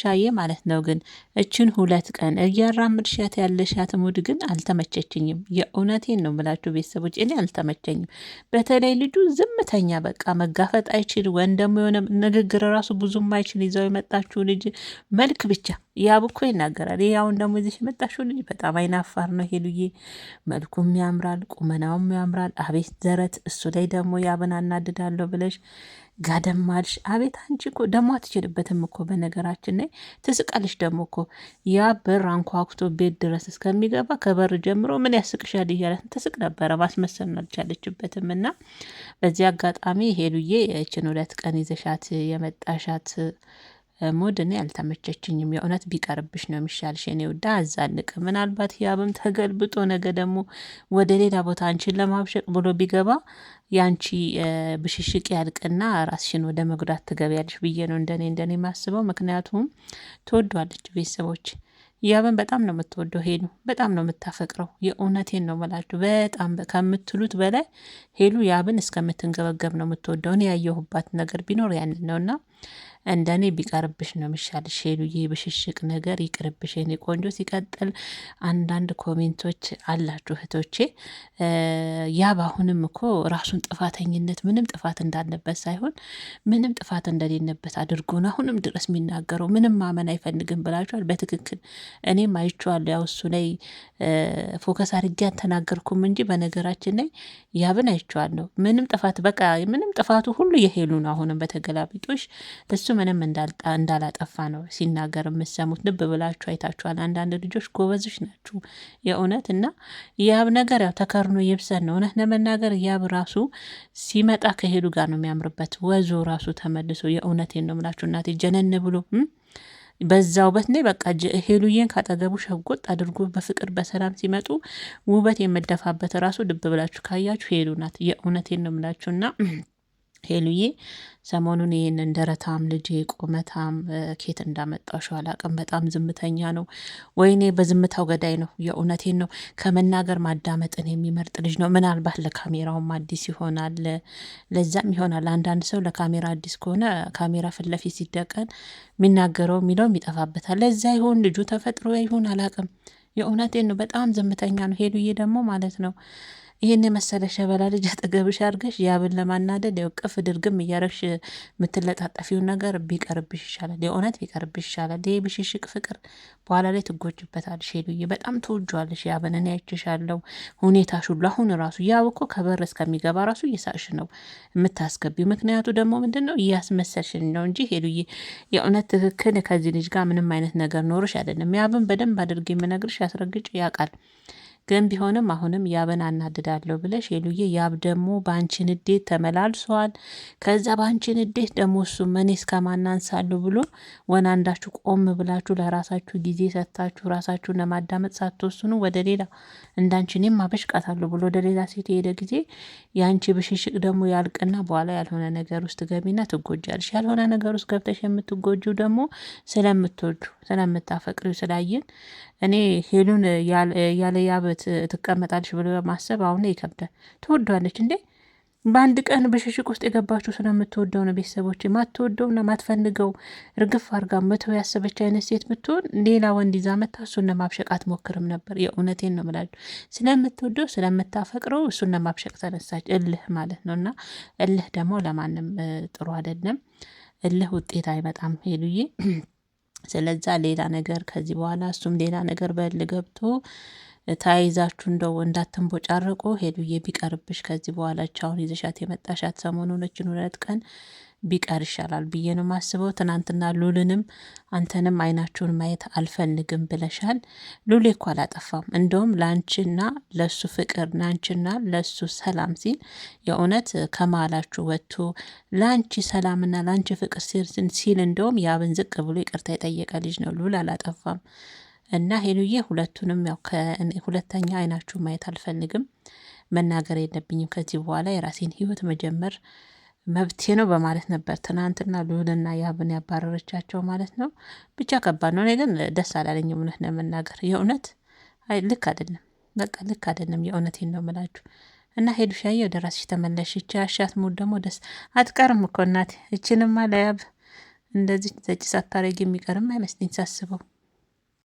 ሻዬ ማለት ነው። ግን እችን ሁለት ቀን እያራምድሻት ያለሻት ሙድ ግን አልተመቸችኝም። የእውነቴን ነው ምላችሁ ቤተሰቦች፣ እኔ አልተመቸኝም። በተለይ ልጁ ዝምተኛ በቃ መጋፈጥ አይችል ወይም ደግሞ የሆነ ንግግር ራሱ ብዙም አይችል ይዘው የመጣችሁ ልጅ መልክ ብቻ ያብ እኮ ይናገራል። ይህ አሁን ደግሞ እዚህ የመጣሽው ልጅ በጣም አይናፋር ነው ሄሉዬ። መልኩም ያምራል፣ ቁመናውም ያምራል። አቤት ዘረት! እሱ ላይ ደግሞ ያብን አናድዳለሁ ብለሽ ጋደማልሽ። አቤት አንቺ እኮ ደግሞ አትችልበትም እኮ በነገራችን ላይ ትስቃልሽ። ደግሞ እኮ ያ በር አንኳኩቶ ቤት ድረስ እስከሚገባ ከበር ጀምሮ ምን ያስቅሻል እያለት ትስቅ ነበረ። ማስመሰል አልቻለችበትም። እና በዚህ አጋጣሚ ሄሉዬ ይህችን ሁለት ቀን ይዘሻት የመጣሻት ሙድ እኔ አልተመቸችኝም። የእውነት ቢቀርብሽ ነው የሚሻልሽ የኔ ውዳ አዛልቅ። ምናልባት ያብም ተገልብጦ ነገ ደግሞ ወደ ሌላ ቦታ አንቺን ለማብሸቅ ብሎ ቢገባ ያንቺ ብሽሽቅ ያልቅና ራስሽን ወደ መጉዳት ትገቢያለሽ ብዬ ነው እንደኔ እንደኔ የማስበው። ምክንያቱም ትወዷለች ቤተሰቦች ያብን በጣም ነው የምትወደው። ሄሉ በጣም ነው የምታፈቅረው። የእውነቴን ነው መላችሁ። በጣም ከምትሉት በላይ ሄሉ ያብን እስከምትንገበገብ ነው የምትወደውን ያየሁባት ነገር ቢኖር ያንን ነውና እንደ እኔ ቢቀርብሽ ነው የሚሻልሽ ሄሉዬ፣ ብሽሽቅ ነገር ይቅርብሽ የኔ ቆንጆ። ሲቀጥል አንዳንድ ኮሜንቶች አላችሁ እህቶቼ፣ ያ ባሁንም እኮ ራሱን ጥፋተኝነት ምንም ጥፋት እንዳለበት ሳይሆን ምንም ጥፋት እንደሌለበት አድርጎን አሁንም ድረስ የሚናገረው ምንም ማመን አይፈልግም ብላችኋል። በትክክል እኔም አይቼዋለሁ። ያው እሱ ላይ ፎከስ አድርጌ አልተናገርኩም እንጂ በነገራችን ላይ ያብን አይቼዋለሁ። ምንም ጥፋት በቃ ምንም ጥፋቱ ሁሉ የሄሉ ነው። አሁንም በተገላቢጦሽ እሱ እሱ ምንም እንዳላጠፋ ነው ሲናገር የምሰሙት። ልብ ብላችሁ አይታችኋል። አንዳንድ ልጆች ጎበዞች ናችሁ የእውነት እና ያብ ነገር ያው ተከርኖ ይብሰን ነው እውነት ለመናገር ያብ ራሱ ሲመጣ ከሄዱ ጋር ነው የሚያምርበት። ወዞ ራሱ ተመልሶ የእውነት ነው የምላችሁ እናቴ ጀነን ብሎ በዛው ውበት ላይ በቃ ሄሉዬን ካጠገቡ ሸጎጥ አድርጎ በፍቅር በሰላም ሲመጡ ውበት የምደፋበት ራሱ ልብ ብላችሁ ካያችሁ ሄሉ ናት። የእውነቴን ነው የምላችሁና ሄሉዬ ሰሞኑን ይህንን ደረታም ልጅ ቁመታም ኬት እንዳመጣሽው አላቅም። በጣም ዝምተኛ ነው። ወይኔ በዝምታው ገዳይ ነው። የእውነቴን ነው። ከመናገር ማዳመጥን የሚመርጥ ልጅ ነው። ምናልባት ለካሜራውም አዲስ ይሆናል፣ ለዛም ይሆናል። አንዳንድ ሰው ለካሜራ አዲስ ከሆነ ካሜራ ፊት ለፊት ሲደቀን የሚናገረው የሚለውም ይጠፋበታል። ለዛ ይሆን ልጁ ተፈጥሮ ይሁን አላቅም። የእውነቴን ነው። በጣም ዝምተኛ ነው። ሄሉዬ ደግሞ ማለት ነው ይህን የመሰለ ሸበላ ልጅ አጠገብሽ አድርገሽ ያብን ለማናደድ ያው ቅፍ ድርግም እያረግሽ የምትለጣጠፊውን ነገር ቢቀርብሽ ይሻላል። የእውነት ቢቀርብሽ ይሻላል። ይህ ብሽሽቅ ፍቅር በኋላ ላይ ትጎጅበታለሽ። ሄዱዬ በጣም ትውጇለሽ ያብን። እኔ አይቼሻለሁ። ሁኔታሽ ሁሉ አሁን ራሱ ያብ እኮ ከበር እስከሚገባ ራሱ እየሳቅሽ ነው የምታስገቢው። ምክንያቱ ደግሞ ምንድን ነው? እያስመሰልሽን ነው እንጂ ሄዱዬ፣ የእውነት ትክክል ከዚህ ልጅ ጋር ምንም አይነት ነገር ኖርሽ አይደለም። ያብን በደንብ አድርጌ የምነግርሽ ያስረግጭ ያውቃል። ግን ቢሆንም አሁንም ያብን አናድዳለሁ ብለሽ ሄሉዬ፣ ያብ ደግሞ በአንቺ ንዴት ተመላልሷል። ከዛ በአንቺ ንዴት ደግሞ እሱ መኔ እስከማናንሳለሁ ብሎ ወናንዳችሁ ቆም ብላችሁ ለራሳችሁ ጊዜ ሰጥታችሁ ራሳችሁን ለማዳመጥ ሳትወስኑ ወደ ሌላ እንዳንቺ እኔም አበሽቃታለሁ ብሎ ወደ ሌላ ሴት የሄደ ጊዜ የአንቺ ብሽሽቅ ደግሞ ያልቅና በኋላ ያልሆነ ነገር ውስጥ ገቢና ትጎጃለሽ። ያልሆነ ነገር ውስጥ ገብተሽ የምትጎጁ ደግሞ ስለምትወጁ ስለምታፈቅሪው ስላየን እኔ ሄሉን ያለ ያበት ትቀመጣለች ብሎ ማሰብ አሁን ይከብዳል። ትወደዋለች እንዴ? በአንድ ቀን በሽሽቅ ውስጥ የገባችው ስለምትወደው ነው። ቤተሰቦች ማትወደውና ማትፈልገው እርግፍ አርጋ መተው ያሰበች አይነት ሴት ብትሆን ሌላ ወንድ ይዛ መታ እሱን ለማብሸቅ አትሞክርም ነበር። የእውነቴን ነው ምላሉ። ስለምትወደው ስለምታፈቅረው እሱን ለማብሸቅ ተነሳች። እልህ ማለት ነው። እና እልህ ደግሞ ለማንም ጥሩ አይደለም። እልህ ውጤት አይመጣም ሄሉዬ ስለዛ ሌላ ነገር ከዚህ በኋላ እሱም ሌላ ነገር በል ገብቶ ተያይዛችሁ እንደው እንዳትንቦጫረቁ ሄዱዬ ቢቀርብሽ ከዚህ በኋላ ቻውን ይዘሻት የመጣሻት ሰሞኑን እችን ሁለት ቀን ቢቀር ይሻላል ብዬ ነው ማስበው። ትናንትና ሉልንም አንተንም አይናችሁን ማየት አልፈልግም ብለሻል። ሉሌ እኮ አላጠፋም። እንደውም ለአንቺና ለሱ ፍቅር ለአንቺና ለሱ ሰላም ሲል የእውነት ከመሀላችሁ ወጥቶ ለአንቺ ሰላምና ለአንቺ ፍቅር ሲል እንደውም ያብን ዝቅ ብሎ ይቅርታ የጠየቀ ልጅ ነው። ሉል አላጠፋም። እና ሄሉዬ ሁለቱንም ያው ሁለተኛ አይናችሁን ማየት አልፈልግም፣ መናገር የለብኝም ከዚህ በኋላ የራሴን ህይወት መጀመር መብቴ ነው በማለት ነበር ትናንትና ልዑልና ያብን ያባረረቻቸው ማለት ነው። ብቻ ከባድ ነው። እኔ ግን ደስ አላለኝ እውነት ለመናገር የእውነት ልክ አይደለም። በቃ ልክ አይደለም። የእውነቴን ነው የምላችሁ። እና ሄዱሻዬ ወደ ራስሽ ተመለሽ። ይቺ አሻት ሙድ ደግሞ ደስ አትቀርም እኮ እናቴ። ይችንማ ለያብ እንደዚህ ተጭ ሳታረግ የሚቀርም አይመስለኝ ሳስበው